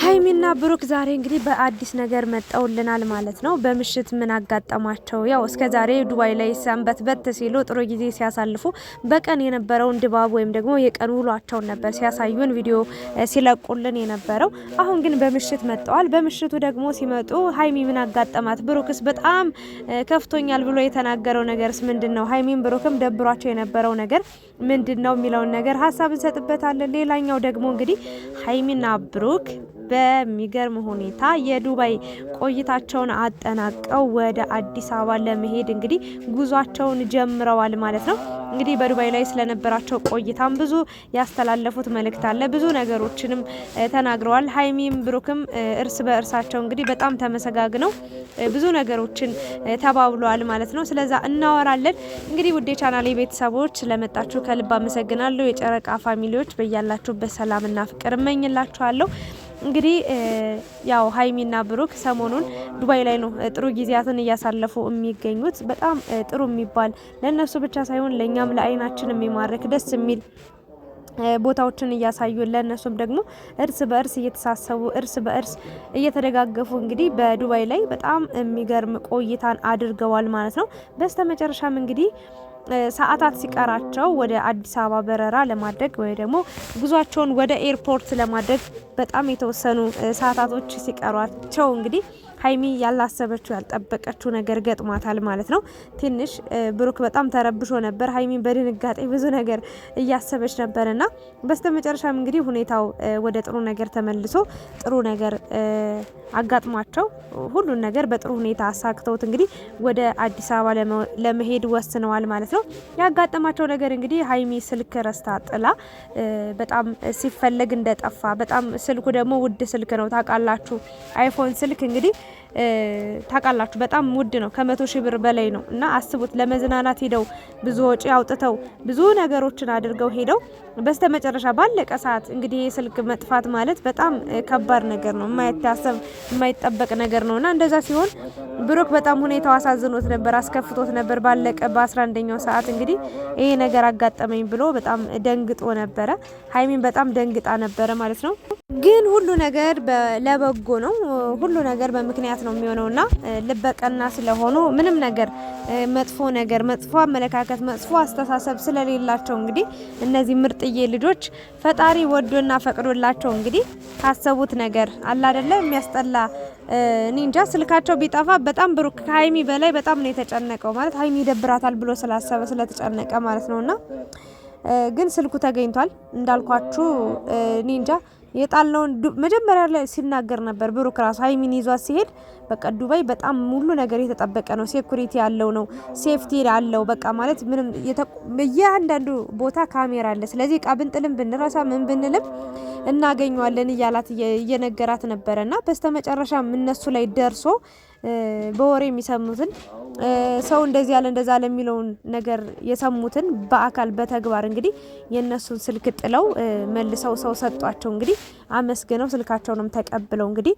ሀይሚና ብሩክ ዛሬ እንግዲህ በአዲስ ነገር መጠውልናል ማለት ነው። በምሽት ምን አጋጠማቸው? ያው እስከ ዛሬ ዱባይ ላይ ሰንበት በት ሲሉ ጥሩ ጊዜ ሲያሳልፉ በቀን የነበረውን ድባብ ወይም ደግሞ የቀን ውሏቸውን ነበር ሲያሳዩን ቪዲዮ ሲለቁልን የነበረው። አሁን ግን በምሽት መጠዋል። በምሽቱ ደግሞ ሲመጡ ሀይሚ ምን አጋጠማት? ብሩክስ በጣም ከፍቶኛል ብሎ የተናገረው ነገርስ ምንድን ነው? ሀይሚን ብሩክም ደብሯቸው የነበረው ነገር ምንድን ነው የሚለውን ነገር ሀሳብ እንሰጥበታለን። ሌላኛው ደግሞ እንግዲህ ሀይሚና ብሩክ በሚገርም ሁኔታ የዱባይ ቆይታቸውን አጠናቀው ወደ አዲስ አበባ ለመሄድ እንግዲህ ጉዟቸውን ጀምረዋል ማለት ነው። እንግዲህ በዱባይ ላይ ስለነበራቸው ቆይታም ብዙ ያስተላለፉት መልእክት አለ። ብዙ ነገሮችንም ተናግረዋል። ሀይሚም ብሩክም እርስ በእርሳቸው እንግዲህ በጣም ተመሰጋግነው ብዙ ነገሮችን ተባብለዋል ማለት ነው። ስለዛ እናወራለን። እንግዲህ ውዴ ቻናሌ ቤተሰቦች ስለመጣችሁ ከልብ አመሰግናለሁ። የጨረቃ ፋሚሊዎች በያላችሁበት ሰላምና ፍቅር እመኝላችኋለሁ። እንግዲህ ያው ሀይሚና ብሩክ ሰሞኑን ዱባይ ላይ ነው ጥሩ ጊዜያትን እያሳለፉ የሚገኙት። በጣም ጥሩ የሚባል ለእነሱ ብቻ ሳይሆን ለእኛም ለአይናችን የሚማርክ ደስ የሚል ቦታዎችን እያሳዩ ለእነሱም ደግሞ እርስ በእርስ እየተሳሰቡ እርስ በእርስ እየተደጋገፉ እንግዲህ በዱባይ ላይ በጣም የሚገርም ቆይታን አድርገዋል ማለት ነው። በስተመጨረሻም እንግዲህ ሰዓታት ሲቀራቸው ወደ አዲስ አበባ በረራ ለማድረግ ወይ ደግሞ ጉዟቸውን ወደ ኤርፖርት ለማድረግ በጣም የተወሰኑ ሰዓታቶች ሲቀሯቸው እንግዲህ ሀይሚ ያላሰበችው ያልጠበቀችው ነገር ገጥሟታል ማለት ነው። ትንሽ ብሩክ በጣም ተረብሾ ነበር። ሀይሚ በድንጋጤ ብዙ ነገር እያሰበች ነበር በስተ መጨረሻም እንግዲህ ሁኔታው ወደ ጥሩ ነገር ተመልሶ ጥሩ ነገር አጋጥሟቸው ሁሉን ነገር በጥሩ ሁኔታ አሳክተውት እንግዲህ ወደ አዲስ አበባ ለመሄድ ወስነዋል ማለት ነው። ያጋጠማቸው ነገር እንግዲህ ሀይሚ ስልክ ረስታ ጥላ በጣም ሲፈለግ እንደጠፋ በጣም ስልኩ ደግሞ ውድ ስልክ ነው ታውቃላችሁ። አይፎን ስልክ እንግዲህ ታውቃላችሁ በጣም ውድ ነው። ከመቶ ሺህ ብር በላይ ነው እና አስቡት ለመዝናናት ሄደው ብዙ ወጪ አውጥተው ብዙ ነገሮችን አድርገው ሄደው በስተመጨረሻ ባለቀ ሰዓት እንግዲህ የስልክ መጥፋት ማለት በጣም ከባድ ነገር ነው፣ የማይታሰብ የማይጠበቅ ነገር ነው እና እንደዛ ሲሆን ብሩክ በጣም ሁኔታው አሳዝኖት ነበር፣ አስከፍቶት ነበር። ባለቀ በ11ኛው ሰዓት እንግዲህ ይሄ ነገር አጋጠመኝ ብሎ በጣም ደንግጦ ነበረ። ሀይሚን በጣም ደንግጣ ነበረ ማለት ነው። ግን ሁሉ ነገር ለበጎ ነው። ሁሉ ነገር በምክንያት ነው የሚሆነውና ልበቀና ስለሆኑ ምንም ነገር መጥፎ ነገር፣ መጥፎ አመለካከት፣ መጥፎ አስተሳሰብ ስለሌላቸው እንግዲህ እነዚህ ምርጥዬ ልጆች ፈጣሪ ወዶና ፈቅዶላቸው እንግዲህ ካሰቡት ነገር አለ አይደለ የሚያስጠላ እኔ እንጃ ስልካቸው ቢጠፋ በጣም ብሩክ ከሀይሚ በላይ በጣም ነው የተጨነቀው። ማለት ሀይሚ ይደብራታል ብሎ ስላሰበ ስለተጨነቀ ማለት ነውና ግን ስልኩ ተገኝቷል እንዳልኳችሁ እኔ እንጃ የጣለውን መጀመሪያ ላይ ሲናገር ነበር ብሩክ ራሱ ሀይሚን ይዟት ሲሄድ በቃ ዱባይ በጣም ሙሉ ነገር የተጠበቀ ነው፣ ሴኩሪቲ ያለው ነው፣ ሴፍቲ ያለው በቃ ማለት ምንም እያንዳንዱ ቦታ ካሜራ አለ። ስለዚህ እቃ ብንጥልም ብንረሳ ምን ብንልም እናገኘዋለን እያላት እየነገራት ነበረና በስተመጨረሻ እነሱ ላይ ደርሶ በወሬ የሚሰሙትን ሰው እንደዚህ ያለ እንደዛ ያለ የሚለውን ነገር የሰሙትን በአካል በተግባር እንግዲህ የእነሱን ስልክ ጥለው መልሰው ሰው ሰጧቸው። እንግዲህ አመስግነው ስልካቸውንም ተቀብለው እንግዲህ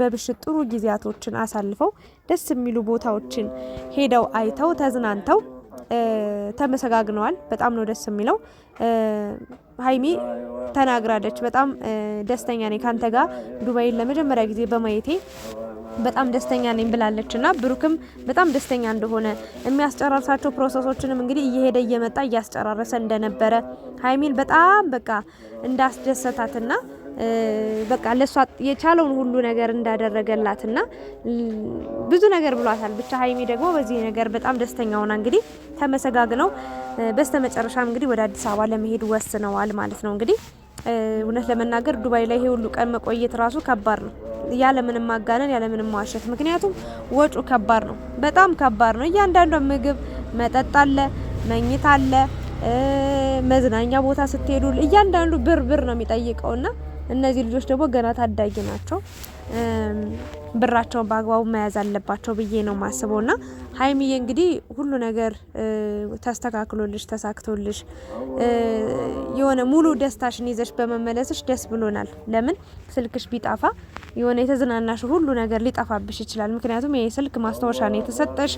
በብሽት ጥሩ ጊዜያቶችን አሳልፈው ደስ የሚሉ ቦታዎችን ሄደው አይተው ተዝናንተው ተመሰጋግነዋል። በጣም ነው ደስ የሚለው። ሀይሚ ተናግራለች፣ በጣም ደስተኛ ነኝ ካንተ ጋር ዱባይን ለመጀመሪያ ጊዜ በማየቴ በጣም ደስተኛ ነኝ ብላለች እና ብሩክም በጣም ደስተኛ እንደሆነ የሚያስጨራርሳቸው ፕሮሰሶችንም እንግዲህ እየሄደ እየመጣ እያስጨራረሰ እንደነበረ ሀይሚን በጣም በቃ እንዳስደሰታትና በቃ ለእሷ የቻለውን ሁሉ ነገር እንዳደረገላትና ብዙ ነገር ብሏታል። ብቻ ሀይሚ ደግሞ በዚህ ነገር በጣም ደስተኛ ሆና እንግዲህ ተመሰጋግነው በስተመጨረሻም እንግዲህ ወደ አዲስ አበባ ለመሄድ ወስነዋል ማለት ነው። እንግዲህ እውነት ለመናገር ዱባይ ላይ ይሄ ሁሉ ቀን መቆየት ራሱ ከባድ ነው። ያለምንም ማጋነን ያለምንም መዋሸት። ምክንያቱም ወጩ ከባድ ነው፣ በጣም ከባድ ነው። እያንዳንዷ ምግብ፣ መጠጥ አለ፣ መኝታ አለ፣ መዝናኛ ቦታ ስትሄዱ እያንዳንዱ ብር ብር ነው የሚጠይቀው እና እነዚህ ልጆች ደግሞ ገና ታዳጊ ናቸው። ብራቸውን በአግባቡ መያዝ አለባቸው ብዬ ነው ማስበው። እና ሀይሚዬ እንግዲህ ሁሉ ነገር ተስተካክሎልሽ ተሳክቶልሽ የሆነ ሙሉ ደስታሽን ይዘሽ በመመለስሽ ደስ ብሎናል። ለምን ስልክሽ ቢጣፋ የሆነ የተዝናናሽ ሁሉ ነገር ሊጠፋብሽ ይችላል። ምክንያቱም ይሄ ስልክ ማስታወሻ ነው የተሰጠሽ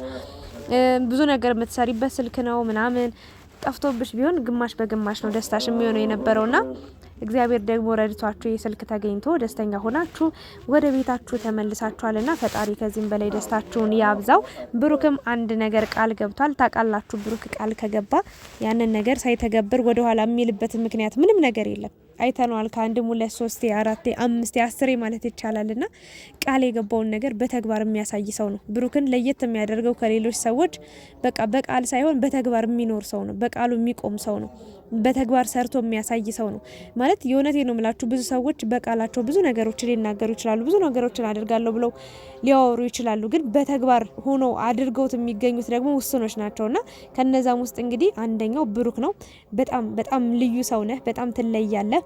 ብዙ ነገር የምትሰሪበት ስልክ ነው ምናምን ጠፍቶብሽ ቢሆን ግማሽ በግማሽ ነው ደስታሽ የሚሆነው የነበረው ና እግዚአብሔር ደግሞ ረድቷችሁ የስልክ ተገኝቶ ደስተኛ ሆናችሁ ወደ ቤታችሁ ተመልሳችኋልና ፈጣሪ ከዚህም በላይ ደስታችሁን ያብዛው። ብሩክም አንድ ነገር ቃል ገብቷል። ታውቃላችሁ፣ ብሩክ ቃል ከገባ ያንን ነገር ሳይተገብር ወደኋላ የሚልበት ምክንያት ምንም ነገር የለም። አይተነዋል። ከአንድም ሁለት ሶስቴ፣ አራቴ፣ አምስቴ፣ አስሬ ማለት ይቻላል ና ቃል የገባውን ነገር በተግባር የሚያሳይ ሰው ነው። ብሩክን ለየት የሚያደርገው ከሌሎች ሰዎች በቃ በቃል ሳይሆን በተግባር የሚኖር ሰው ነው። በቃሉ የሚቆም ሰው ነው። በተግባር ሰርቶ የሚያሳይ ሰው ነው ማለት። የእውነቴ ነው የምላችሁ። ብዙ ሰዎች በቃላቸው ብዙ ነገሮችን ሊናገሩ ይችላሉ፣ ብዙ ነገሮችን አድርጋለሁ ብለው ሊያወሩ ይችላሉ። ግን በተግባር ሆኖ አድርገውት የሚገኙት ደግሞ ውስኖች ናቸውና ከነዛም ውስጥ እንግዲህ አንደኛው ብሩክ ነው። በጣም በጣም ልዩ ሰው ነህ፣ በጣም ትለያለህ።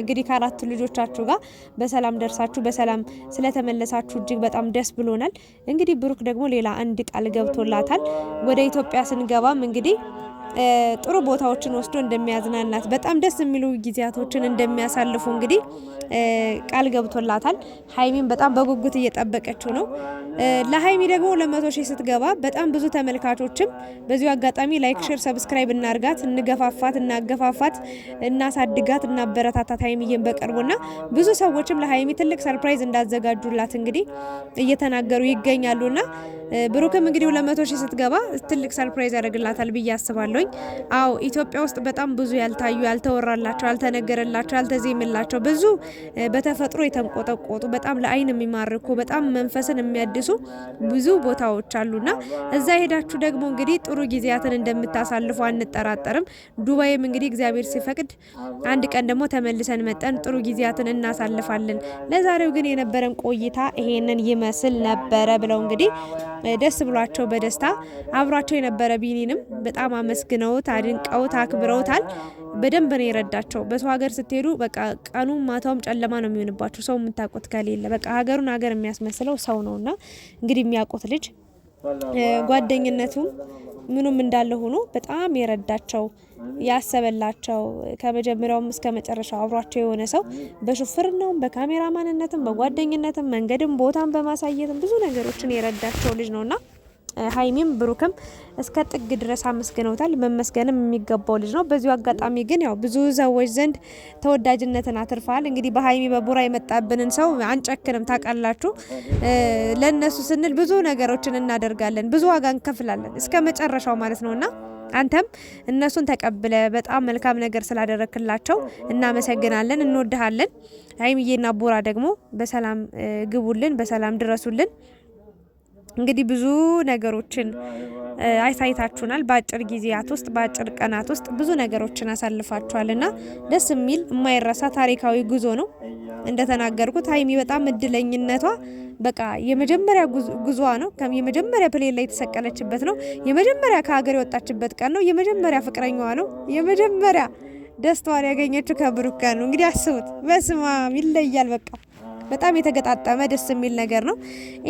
እንግዲህ ከአራት ልጆቻችሁ ጋር በሰላም ደርሳችሁ በሰላም ስለተመለሳችሁ እጅግ በጣም ደስ ብሎናል። እንግዲህ ብሩክ ደግሞ ሌላ አንድ ቃል ገብቶላታል። ወደ ኢትዮጵያ ስንገባም እንግዲህ ጥሩ ቦታዎችን ወስዶ እንደሚያዝናናት በጣም ደስ የሚሉ ጊዜያቶችን እንደሚያሳልፉ እንግዲህ ቃል ገብቶላታል። ሀይሚን በጣም በጉጉት እየጠበቀችው ነው። ለሀይሚ ደግሞ ለመቶ ሺህ ስትገባ በጣም ብዙ ተመልካቾችም በዚሁ አጋጣሚ ላይክ፣ ሼር፣ ሰብስክራይብ እናርጋት፣ እንገፋፋት፣ እናገፋፋት፣ እናሳድጋት፣ እናበረታታት ሀይሚዬን በቅርቡና ብዙ ሰዎችም ለሀይሚ ትልቅ ሰርፕራይዝ እንዳዘጋጁላት እንግዲህ እየተናገሩ ይገኛሉና ብሩክም እንግዲህ ለመቶ ሺህ ስትገባ ትልቅ ሰርፕራይዝ ያደርግላታል ብዬ አስባለሁኝ። አዎ ኢትዮጵያ ውስጥ በጣም ብዙ ያልታዩ፣ ያልተወራላቸው፣ ያልተነገረላቸው፣ ያልተዜምላቸው ብዙ በተፈጥሮ የተንቆጠቆጡ በጣም ለአይን የሚማርኩ በጣም መንፈስን የሚያድሱ ብዙ ቦታዎች አሉና እዛ ሄዳችሁ ደግሞ እንግዲህ ጥሩ ጊዜያትን እንደምታሳልፉ አንጠራጠርም። ዱባይም እንግዲህ እግዚአብሔር ሲፈቅድ አንድ ቀን ደግሞ ተመልሰን መጠን ጥሩ ጊዜያትን እናሳልፋለን። ለዛሬው ግን የነበረን ቆይታ ይሄንን ይመስል ነበረ ብለው እንግዲህ ደስ ብሏቸው በደስታ አብሯቸው የነበረ ቢኒንም በጣም አመስግነውት አድንቀውት አክብረውታል። በደንብ ነው የረዳቸው። በሰው ሀገር ስትሄዱ በቃ ቀኑ ማታውም ጨለማ ነው የሚሆንባቸው ሰው የምታውቁት ከሌለ በቃ ሀገሩን ሀገር የሚያስመስለው ሰው ነውና እንግዲህ የሚያውቁት ልጅ ጓደኝነቱም ምኑም እንዳለ ሆኖ በጣም የረዳቸው ያሰበላቸው ከመጀመሪያውም እስከ መጨረሻው አብሯቸው የሆነ ሰው በሹፍርናውም በካሜራ ማንነትም በጓደኝነትም መንገድም ቦታን በማሳየትም ብዙ ነገሮችን የረዳቸው ልጅ ነውና ሀይሚም ብሩክም እስከ ጥግ ድረስ አመስግነውታል። መመስገንም የሚገባው ልጅ ነው። በዚሁ አጋጣሚ ግን ያው ብዙ ሰዎች ዘንድ ተወዳጅነትን አትርፋል። እንግዲህ በሀይሚ በቡራ የመጣብንን ሰው አንጨክንም። ታውቃላችሁ፣ ለእነሱ ስንል ብዙ ነገሮችን እናደርጋለን፣ ብዙ ዋጋ እንከፍላለን እስከ መጨረሻው ማለት ነውና አንተም እነሱን ተቀብለ በጣም መልካም ነገር ስላደረክላቸው እናመሰግናለን፣ እንወድሃለን። ሀይሚዬና ቡራ ደግሞ በሰላም ግቡልን፣ በሰላም ድረሱልን። እንግዲህ ብዙ ነገሮችን አይታይታችሁናል። በአጭር ጊዜያት ውስጥ በአጭር ቀናት ውስጥ ብዙ ነገሮችን እና ደስ የሚል የማይረሳ ታሪካዊ ጉዞ ነው። እንደተናገርኩት ሀይሚ በጣም እድለኝነቷ በቃ የመጀመሪያ ጉዞዋ ነው። የመጀመሪያ ፕሌን ላይ የተሰቀለችበት ነው። የመጀመሪያ ከሀገር የወጣችበት ቀን ነው። የመጀመሪያ ፍቅረኛዋ ነው። የመጀመሪያ ደስታዋን ያገኘችው ከብሩክ ጋር ነው። እንግዲህ አስቡት። በስማም ይለያል በቃ በጣም የተገጣጠመ ደስ የሚል ነገር ነው።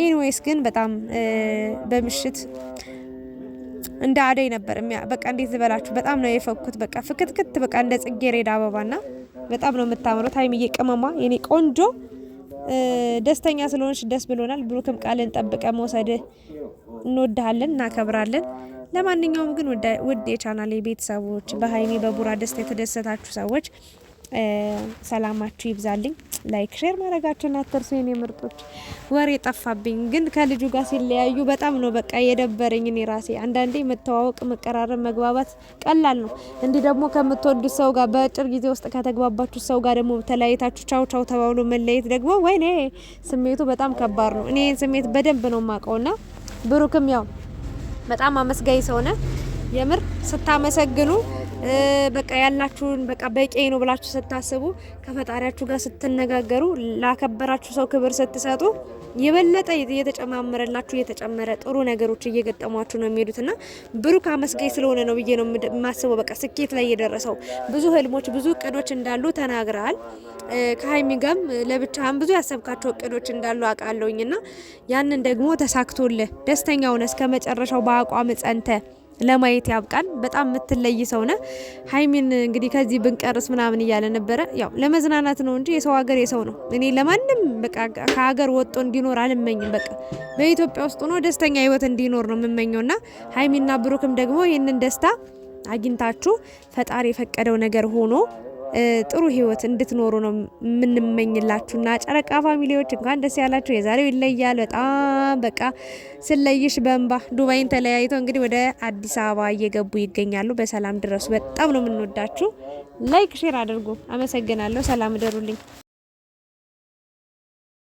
ኤኒዌይስ ግን በጣም በምሽት እንደ አደይ ነበር በቃ እንዴት ዝበላችሁ በጣም ነው የፈኩት። በቃ ፍክትክት በቃ እንደ ጽጌረዳ አበባና በጣም ነው የምታምሩት። ሀይሚዬ ቅመማ የኔ ቆንጆ ደስተኛ ስለሆነች ደስ ብሎናል። ብሩክም ቃልን ጠብቀ መውሰድ እንወድሃለን፣ እናከብራለን። ለማንኛውም ግን ውድ የቻናል ቤተሰቦች በሀይሚ በቡራ ደስታ የተደሰታችሁ ሰዎች ሰላማችሁ ይብዛልኝ። ላይክ ሼር ማድረጋችሁን አትርሱ። የኔ ምርጦች ወሬ ጠፋብኝ፣ ግን ከልጁ ጋር ሲለያዩ በጣም ነው በቃ የደበረኝ እኔ ራሴ። አንዳንዴ መተዋወቅ፣ መቀራረብ፣ መግባባት ቀላል ነው። እንዲህ ደግሞ ከምትወዱት ሰው ጋር በአጭር ጊዜ ውስጥ ከተግባባችሁ ሰው ጋር ደግሞ ተለያይታችሁ ቻው ቻው ተባብሎ መለየት ደግሞ ወይኔ ስሜቱ በጣም ከባድ ነው። እኔ ስሜት በደንብ ነው የማውቀውና ብሩክም ያው በጣም አመስጋኝ ሰው ነው የምር ስታመሰግኑ በቃ ያላችሁን በቃ በቂ ነው ብላችሁ ስታስቡ ከፈጣሪያችሁ ጋር ስትነጋገሩ ላከበራችሁ ሰው ክብር ስትሰጡ የበለጠ እየተጨማመረላችሁ እየተጨመረ ጥሩ ነገሮች እየገጠሟችሁ ነው የሚሄዱትና ብሩክ አመስጋኝ ስለሆነ ነው ብዬ ነው የማስበው። በቃ ስኬት ላይ የደረሰው ብዙ ህልሞች፣ ብዙ እቅዶች እንዳሉ ተናግረሃል። ከሀይሚ ጋም ብዙ ያሰብካቸው እቅዶች እንዳሉ አውቃለሁኝና ያንን ደግሞ ተሳክቶልህ ደስተኛ ሆነ እስከ መጨረሻው በአቋም ጸንተ ለማየት ያብቃን። በጣም የምትለይ ሰው ነ ሀይሚን እንግዲህ ከዚህ ብንቀርስ ምናምን እያለ ነበረ። ያው ለመዝናናት ነው እንጂ የሰው ሀገር የሰው ነው። እኔ ለማንም በቃ ከሀገር ወጦ እንዲኖር አልመኝም። በቃ በኢትዮጵያ ውስጥ ሆኖ ደስተኛ ህይወት እንዲኖር ነው የምመኘውና ሀይሚና ብሩክም ደግሞ ይህንን ደስታ አግኝታችሁ ፈጣሪ የፈቀደው ነገር ሆኖ ጥሩ ህይወት እንድትኖሩ ነው ና ጨረቃ ፋሚሊዎች እንኳን ደስ ያላችሁ። የዛሬው ይለያል። በጣም በቃ ስለይሽ በእንባ ዱባይን ተለያይተው እንግዲህ ወደ አዲስ አበባ እየገቡ ይገኛሉ። በሰላም ድረሱ። በጣም ነው የምንወዳችሁ። ላይክ ሼር አድርጉ። አመሰግናለሁ። ሰላም እደሩልኝ።